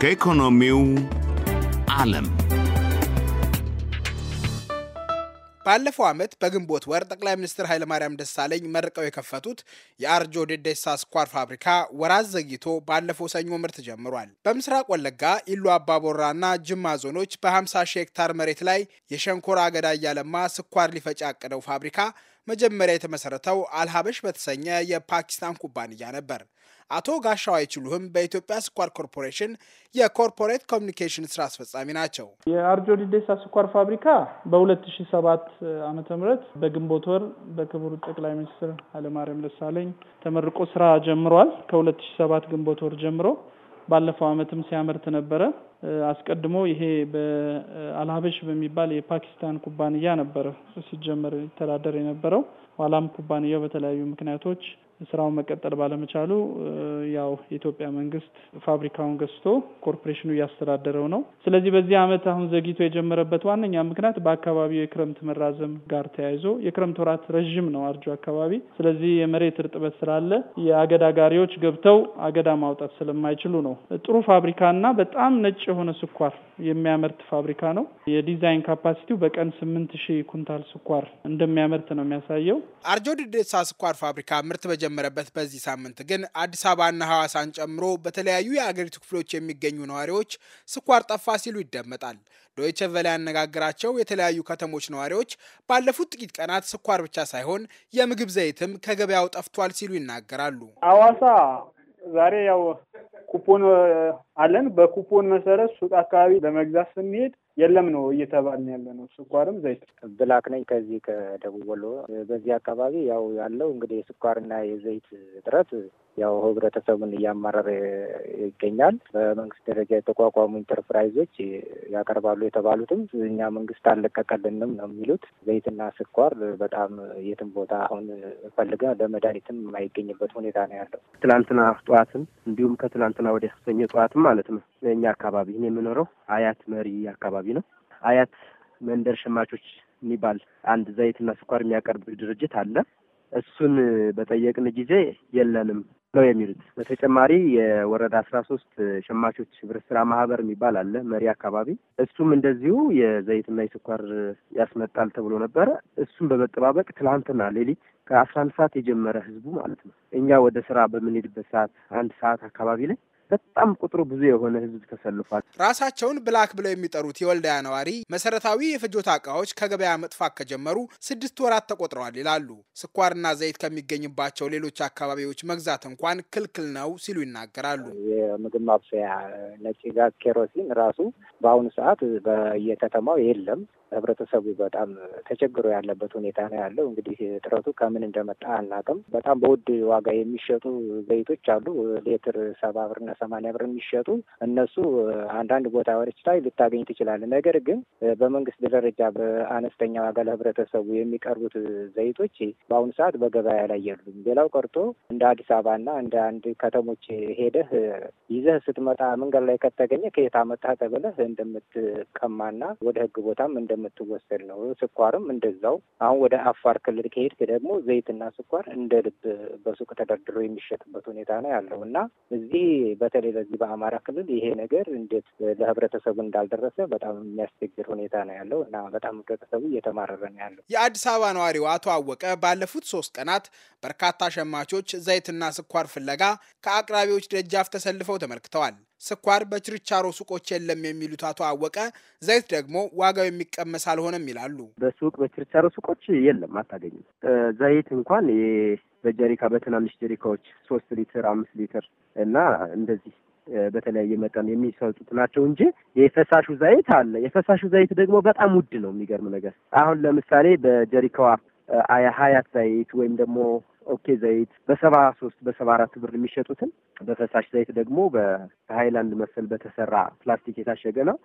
ከኢኮኖሚው ዓለም ባለፈው ዓመት በግንቦት ወር ጠቅላይ ሚኒስትር ኃይለማርያም ደሳለኝ መርቀው የከፈቱት የአርጆ ዴዴሳ ስኳር ፋብሪካ ወራት ዘግይቶ ባለፈው ሰኞ ምርት ጀምሯል። በምስራቅ ወለጋ ኢሉ ና ጅማ ዞኖች በ50 ሺህ ሄክታር መሬት ላይ የሸንኮራ አገዳ እያለማ ስኳር ሊፈጭ ያቀደው ፋብሪካ መጀመሪያ የተመሰረተው አልሀበሽ በተሰኘ የፓኪስታን ኩባንያ ነበር። አቶ ጋሻው አይችሉህም በኢትዮጵያ ስኳር ኮርፖሬሽን የኮርፖሬት ኮሚኒኬሽን ስራ አስፈጻሚ ናቸው። የአርጆ ዲዴሳ ስኳር ፋብሪካ በ2007 ዓ ምህረት በግንቦት ወር በክቡር ጠቅላይ ሚኒስትር ኃይለማርያም ደሳለኝ ተመርቆ ስራ ጀምሯል። ከ2007 ግንቦት ወር ጀምሮ ባለፈው ዓመትም ሲያመርት ነበረ። አስቀድሞ ይሄ በአልሀበሽ በሚባል የፓኪስታን ኩባንያ ነበረ ሲጀመር ይተዳደር የነበረው። ኋላም ኩባንያው በተለያዩ ምክንያቶች ስራውን መቀጠል ባለመቻሉ ያው የኢትዮጵያ መንግስት ፋብሪካውን ገዝቶ ኮርፖሬሽኑ እያስተዳደረው ነው። ስለዚህ በዚህ አመት አሁን ዘግይቶ የጀመረበት ዋነኛ ምክንያት በአካባቢው የክረምት መራዘም ጋር ተያይዞ የክረምት ወራት ረዥም ነው አርጆ አካባቢ። ስለዚህ የመሬት እርጥበት ስላለ የአገዳ ጋሪዎች ገብተው አገዳ ማውጣት ስለማይችሉ ነው። ጥሩ ፋብሪካና በጣም ነጭ የሆነ ስኳር የሚያመርት ፋብሪካ ነው። የዲዛይን ካፓሲቲው በቀን ስምንት ሺህ ኩንታል ስኳር እንደሚያመርት ነው የሚያሳየው። አርጆ ዲዴሳ ስኳር ፋብሪካ ምርት በጀ በጀመረበት በዚህ ሳምንት ግን አዲስ አበባና ሐዋሳን ጨምሮ በተለያዩ የአገሪቱ ክፍሎች የሚገኙ ነዋሪዎች ስኳር ጠፋ ሲሉ ይደመጣል። ዶይቸ ቬለ ያነጋገራቸው የተለያዩ ከተሞች ነዋሪዎች ባለፉት ጥቂት ቀናት ስኳር ብቻ ሳይሆን የምግብ ዘይትም ከገበያው ጠፍቷል ሲሉ ይናገራሉ። ሐዋሳ ዛሬ ያው ኩፖን አለን። በኩፖን መሰረት ሱቅ አካባቢ ለመግዛት ስንሄድ የለም ነው እየተባልን ያለ ነው። ስኳርም ዘይት ብላክ ነኝ ከዚህ ከደቡብ ወሎ በዚህ አካባቢ ያው ያለው እንግዲህ የስኳርና የዘይት እጥረት ያው ህብረተሰቡን እያማረረ ይገኛል። በመንግስት ደረጃ የተቋቋሙ ኢንተርፕራይዞች ያቀርባሉ የተባሉትም እኛ መንግስት አልለቀቀልንም ነው የሚሉት። ዘይትና ስኳር በጣም የትም ቦታ አሁን ፈልገ ለመድኃኒትም የማይገኝበት ሁኔታ ነው ያለው። ትላንትና ጠዋትም እንዲሁም ከትላንትና ወደ ሰኞ ጠዋትም ማለት ነው እኛ አካባቢ እኔ የምኖረው አያት መሪ አካባቢ ነው። አያት መንደር ሸማቾች የሚባል አንድ ዘይትና ስኳር የሚያቀርብ ድርጅት አለ። እሱን በጠየቅን ጊዜ የለንም ነው የሚሉት። በተጨማሪ የወረዳ አስራ ሶስት ሸማቾች ህብረት ስራ ማህበር የሚባል አለ መሪ አካባቢ። እሱም እንደዚሁ የዘይትና የስኳር ያስመጣል ተብሎ ነበረ። እሱም በመጠባበቅ ትላንትና ሌሊት ከአስራ አንድ ሰዓት የጀመረ ህዝቡ ማለት ነው። እኛ ወደ ስራ በምንሄድበት ሰዓት አንድ ሰዓት አካባቢ ላይ በጣም ቁጥሩ ብዙ የሆነ ህዝብ ተሰልፏል። ራሳቸውን ብላክ ብለው የሚጠሩት የወልዳያ ነዋሪ መሰረታዊ የፍጆታ እቃዎች ከገበያ መጥፋት ከጀመሩ ስድስት ወራት ተቆጥረዋል ይላሉ። ስኳርና ዘይት ከሚገኝባቸው ሌሎች አካባቢዎች መግዛት እንኳን ክልክል ነው ሲሉ ይናገራሉ። የምግብ ማብሰያ ነጭ ጋዝ፣ ኬሮሲን ራሱ በአሁኑ ሰዓት በየከተማው የለም። ህብረተሰቡ በጣም ተቸግሮ ያለበት ሁኔታ ነው ያለው። እንግዲህ እጥረቱ ከምን እንደመጣ አናውቅም። በጣም በውድ ዋጋ የሚሸጡ ዘይቶች አሉ። ሌትር ሰባ ሰማንያ ብር የሚሸጡ እነሱ አንዳንድ ቦታዎች ላይ ልታገኝ ትችላለህ። ነገር ግን በመንግስት ደረጃ በአነስተኛ ዋጋ ለህብረተሰቡ የሚቀርቡት ዘይቶች በአሁኑ ሰዓት በገበያ ላይ የሉም። ሌላው ቀርቶ እንደ አዲስ አበባና እንደ አንድ ከተሞች ሄደህ ይዘህ ስትመጣ መንገድ ላይ ከተገኘ ከየት አመጣህ ተብለህ እንደምትቀማና ወደ ህግ ቦታም እንደምትወሰድ ነው። ስኳርም እንደዛው። አሁን ወደ አፋር ክልል ከሄድክ ደግሞ ዘይትና ስኳር እንደ ልብ በሱቅ ተደርድሮ የሚሸጥበት ሁኔታ ነው ያለው እና እዚህ በተለይ በዚህ በአማራ ክልል ይሄ ነገር እንዴት ለህብረተሰቡ እንዳልደረሰ በጣም የሚያስቸግር ሁኔታ ነው ያለው እና በጣም ህብረተሰቡ እየተማረረ ነው ያለው። የአዲስ አበባ ነዋሪው አቶ አወቀ ባለፉት ሶስት ቀናት በርካታ ሸማቾች ዘይትና ስኳር ፍለጋ ከአቅራቢዎች ደጃፍ ተሰልፈው ተመልክተዋል። ስኳር በችርቻሮ ሱቆች የለም የሚሉት አቶ አወቀ ዘይት ደግሞ ዋጋው የሚቀመስ አልሆነም ይላሉ። በሱቅ በችርቻሮ ሱቆች የለም አታገኝም። ዘይት እንኳን በጀሪካ በትናንሽ ጀሪካዎች ሶስት ሊትር አምስት ሊትር እና እንደዚህ በተለያየ መጠን የሚሰጡት ናቸው እንጂ የፈሳሹ ዘይት አለ። የፈሳሹ ዘይት ደግሞ በጣም ውድ ነው። የሚገርም ነገር አሁን ለምሳሌ በጀሪካዋ ሀያት ዘይት ወይም ደግሞ ኦኬ ዘይት በሰባ ሶስት በሰባ አራት ብር የሚሸጡትን በፈሳሽ ዘይት ደግሞ በሀይላንድ መሰል በተሰራ ፕላስቲክ የታሸገ ነው።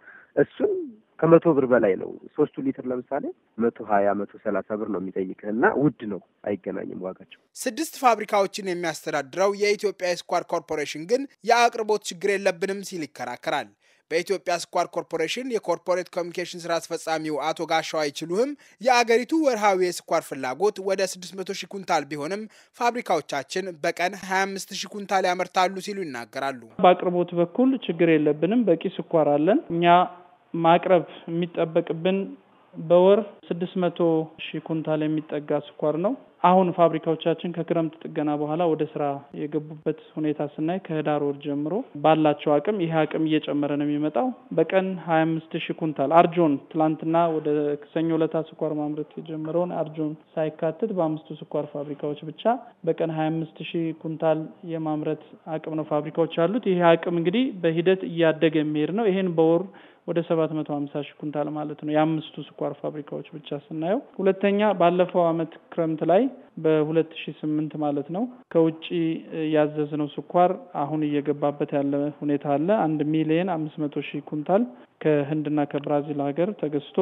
እሱን ከመቶ ብር በላይ ነው። ሶስቱ ሊትር ለምሳሌ መቶ ሀያ መቶ ሰላሳ ብር ነው የሚጠይቅህ እና ውድ ነው፣ አይገናኝም ዋጋቸው። ስድስት ፋብሪካዎችን የሚያስተዳድረው የኢትዮጵያ የስኳር ኮርፖሬሽን ግን የአቅርቦት ችግር የለብንም ሲል ይከራከራል። በኢትዮጵያ ስኳር ኮርፖሬሽን የኮርፖሬት ኮሚኒኬሽን ስራ አስፈጻሚው አቶ ጋሻው አይችሉህም የአገሪቱ ወርሃዊ የስኳር ፍላጎት ወደ 600 ሺህ ኩንታል ቢሆንም ፋብሪካዎቻችን በቀን 25 ሺህ ኩንታል ያመርታሉ ሲሉ ይናገራሉ። በአቅርቦት በኩል ችግር የለብንም፣ በቂ ስኳር አለን። እኛ ማቅረብ የሚጠበቅብን በወር 600 ሺህ ኩንታል የሚጠጋ ስኳር ነው። አሁን ፋብሪካዎቻችን ከክረምት ጥገና በኋላ ወደ ስራ የገቡበት ሁኔታ ስናይ ከህዳር ወር ጀምሮ ባላቸው አቅም ይሄ አቅም እየጨመረ ነው የሚመጣው። በቀን ሀያ አምስት ሺህ ኩንታል አርጆን ትላንትና ወደ ሰኞ ለታ ስኳር ማምረት የጀመረውን አርጆን ሳይካትት በአምስቱ ስኳር ፋብሪካዎች ብቻ በቀን ሀያ አምስት ሺህ ኩንታል የማምረት አቅም ነው ፋብሪካዎች አሉት። ይሄ አቅም እንግዲህ በሂደት እያደገ የሚሄድ ነው። ይሄን በወር ወደ 750 ሺ ኩንታል ማለት ነው የአምስቱ ስኳር ፋብሪካዎች ብቻ ስናየው። ሁለተኛ ባለፈው አመት ክረምት ላይ በ 2008 ማለት ነው። ከውጭ ያዘዝነው ስኳር አሁን እየገባበት ያለ ሁኔታ አለ። አንድ ሚሊየን አምስት መቶ ሺህ ኩንታል ከህንድና ከብራዚል ሀገር ተገዝቶ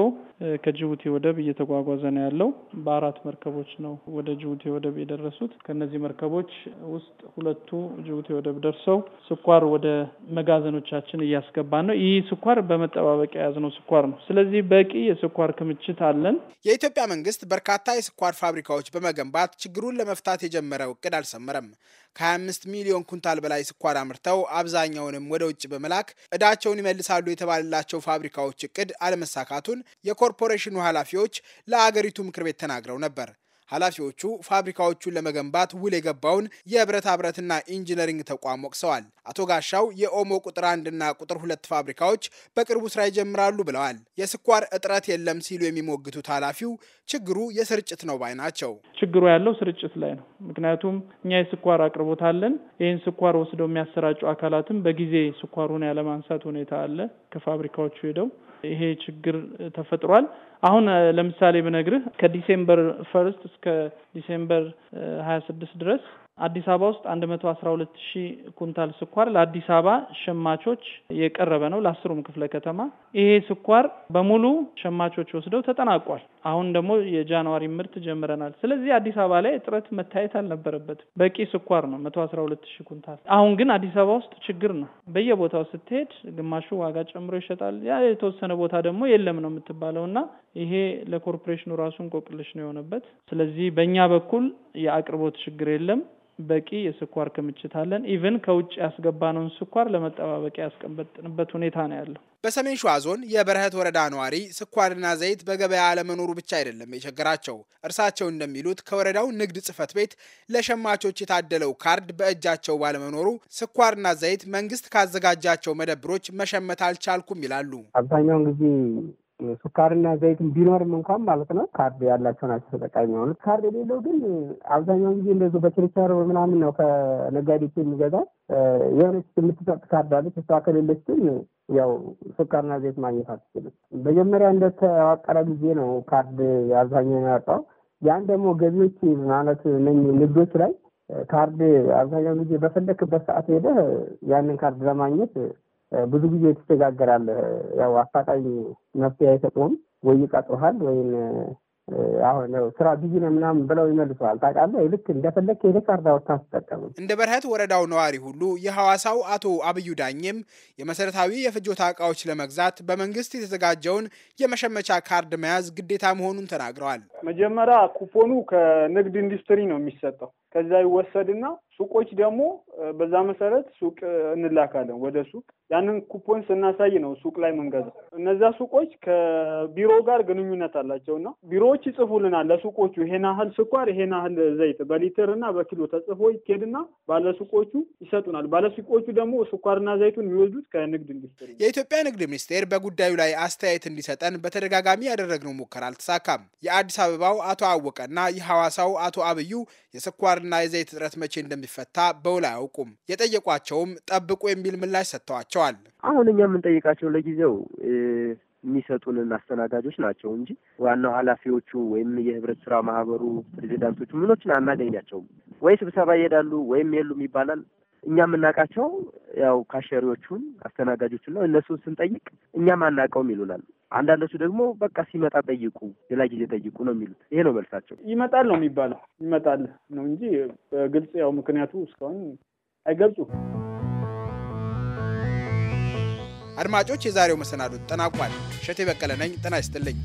ከጅቡቲ ወደብ እየተጓጓዘ ነው ያለው። በአራት መርከቦች ነው ወደ ጅቡቲ ወደብ የደረሱት። ከእነዚህ መርከቦች ውስጥ ሁለቱ ጅቡቲ ወደብ ደርሰው ስኳር ወደ መጋዘኖቻችን እያስገባን ነው። ይህ ስኳር በመጠባበቂያ የያዝነው ስኳር ነው። ስለዚህ በቂ የስኳር ክምችት አለን። የኢትዮጵያ መንግስት በርካታ የስኳር ፋብሪካዎች በመገንባት መንግስታት ችግሩን ለመፍታት የጀመረው እቅድ አልሰመረም። ከ25 ሚሊዮን ኩንታል በላይ ስኳር አምርተው አብዛኛውንም ወደ ውጭ በመላክ እዳቸውን ይመልሳሉ የተባለላቸው ፋብሪካዎች እቅድ አለመሳካቱን የኮርፖሬሽኑ ኃላፊዎች ለአገሪቱ ምክር ቤት ተናግረው ነበር። ኃላፊዎቹ ፋብሪካዎቹን ለመገንባት ውል የገባውን የብረታ ብረትና ኢንጂነሪንግ ተቋም ወቅሰዋል። አቶ ጋሻው የኦሞ ቁጥር አንድና ቁጥር ሁለት ፋብሪካዎች በቅርቡ ስራ ይጀምራሉ ብለዋል። የስኳር እጥረት የለም ሲሉ የሚሞግቱት ኃላፊው ችግሩ የስርጭት ነው ባይ ናቸው። ችግሩ ያለው ስርጭት ላይ ነው። ምክንያቱም እኛ የስኳር አቅርቦት አለን። ይህን ስኳር ወስደው የሚያሰራጩ አካላትም በጊዜ ስኳሩን ያለማንሳት ሁኔታ አለ ከፋብሪካዎቹ ሄደው ይሄ ችግር ተፈጥሯል። አሁን ለምሳሌ ብነግርህ ከዲሴምበር ፈርስት እስከ ዲሴምበር ሀያ ስድስት ድረስ አዲስ አበባ ውስጥ አንድ መቶ አስራ ሁለት ሺህ ኩንታል ስኳር ለአዲስ አበባ ሸማቾች የቀረበ ነው ለአስሩም ክፍለ ከተማ። ይሄ ስኳር በሙሉ ሸማቾች ወስደው ተጠናቋል። አሁን ደግሞ የጃንዋሪ ምርት ጀምረናል። ስለዚህ አዲስ አበባ ላይ እጥረት መታየት አልነበረበትም። በቂ ስኳር ነው መቶ አስራ ሁለት ሺህ ኩንታል። አሁን ግን አዲስ አበባ ውስጥ ችግር ነው። በየቦታው ስትሄድ ግማሹ ዋጋ ጨምሮ ይሸጣል። ያ የተወሰነ ቦታ ደግሞ የለም ነው የምትባለው እና ይሄ ለኮርፖሬሽኑ ራሱ እንቆቅልሽ ነው የሆነበት። ስለዚህ በእኛ በኩል የአቅርቦት ችግር የለም። በቂ የስኳር ክምችት አለን። ኢቨን ከውጭ ያስገባነውን ስኳር ለመጠባበቂያ ያስቀመጥንበት ሁኔታ ነው ያለው። በሰሜን ሸዋ ዞን የበረሀት ወረዳ ነዋሪ ስኳርና ዘይት በገበያ አለመኖሩ ብቻ አይደለም የቸገራቸው። እርሳቸው እንደሚሉት ከወረዳው ንግድ ጽሕፈት ቤት ለሸማቾች የታደለው ካርድ በእጃቸው ባለመኖሩ ስኳርና ዘይት መንግስት ካዘጋጃቸው መደብሮች መሸመት አልቻልኩም ይላሉ። አብዛኛውን ጊዜ ሱካርና ዘይትን ቢኖርም እንኳን ማለት ነው ካርድ ያላቸው ናቸው ተጠቃሚ የሆኑት። ካርድ የሌለው ግን አብዛኛውን ጊዜ እንደዚ በችርቻሮ ምናምን ነው ከነጋዴዎች የሚገዛ የሆነች የምትሰጥ ካርድ አለች። እሷ ከሌለች ግን ያው ሱካርና ዘይት ማግኘት አትችልም። መጀመሪያ እንደተዋቀረ ጊዜ ነው ካርድ አብዛኛው ያወጣው። ያን ደግሞ ገቢዎች ማለት ንግዶች ላይ ካርድ አብዛኛውን ጊዜ በፈለክበት ሰዓት ሄደ ያንን ካርድ ለማግኘት ብዙ ጊዜ ትቸጋገራለህ። ያው አፋጣኝ መፍትሄ አይሰጡም ወይ ይቀጥሩሃል ወይም አሁን ስራ ቢዚ ነው ምናምን ብለው ይመልሰዋል። ታውቃለህ ልክ እንደፈለግ ሄደ ካርዳ ወታ ትጠቀሙ። እንደ በረሀት ወረዳው ነዋሪ ሁሉ የሐዋሳው አቶ አብዩ ዳኝም የመሰረታዊ የፍጆታ እቃዎች ለመግዛት በመንግስት የተዘጋጀውን የመሸመቻ ካርድ መያዝ ግዴታ መሆኑን ተናግረዋል። መጀመሪያ ኩፖኑ ከንግድ ኢንዱስትሪ ነው የሚሰጠው። ከዛ ይወሰድና ሱቆች ደግሞ በዛ መሰረት ሱቅ እንላካለን ወደ ሱቅ። ያንን ኩፖን ስናሳይ ነው ሱቅ ላይ ምንገዛ። እነዛ ሱቆች ከቢሮ ጋር ግንኙነት አላቸው እና ቢሮዎች ይጽፉልናል ለሱቆቹ ይሄን ያህል ስኳር፣ ይሄን ያህል ዘይት በሊትር እና በኪሎ ተጽፎ ይኬድና ባለሱቆቹ ይሰጡናል። ባለሱቆቹ ደግሞ ስኳርና ዘይቱን የሚወስዱት ከንግድ ኢንዱስትሪ። የኢትዮጵያ ንግድ ሚኒስቴር በጉዳዩ ላይ አስተያየት እንዲሰጠን በተደጋጋሚ ያደረግነው ሙከራ አልተሳካም። የአዲስ አበባው አቶ አወቀና የሐዋሳው አቶ አብዩ የስኳርና የዘይት እጥረት መቼ እንደሚ እንደሚፈታ በውል አያውቁም። የጠየቋቸውም ጠብቁ የሚል ምላሽ ሰጥተዋቸዋል። አሁን እኛ የምንጠይቃቸው ለጊዜው የሚሰጡንን አስተናጋጆች ናቸው እንጂ ዋናው ኃላፊዎቹ ወይም የህብረት ስራ ማህበሩ ፕሬዚዳንቶቹ ምኖችን አናገኛቸውም። ወይ ስብሰባ ይሄዳሉ ወይም የሉም ይባላል። እኛ የምናውቃቸው ያው ካሸሪዎቹን አስተናጋጆቹን ነው። እነሱን ስንጠይቅ እኛም አናውቀውም ይሉናል። አንዳንዶቹ ደግሞ በቃ ሲመጣ ጠይቁ፣ ሌላ ጊዜ ጠይቁ ነው የሚሉት። ይሄ ነው መልሳቸው። ይመጣል ነው የሚባለው። ይመጣል ነው እንጂ በግልጽ ያው ምክንያቱ እስካሁን አይገልጹም። አድማጮች፣ የዛሬው መሰናዶ ተጠናቋል። እሸቴ በቀለ ነኝ። ጤና ይስጥልኝ።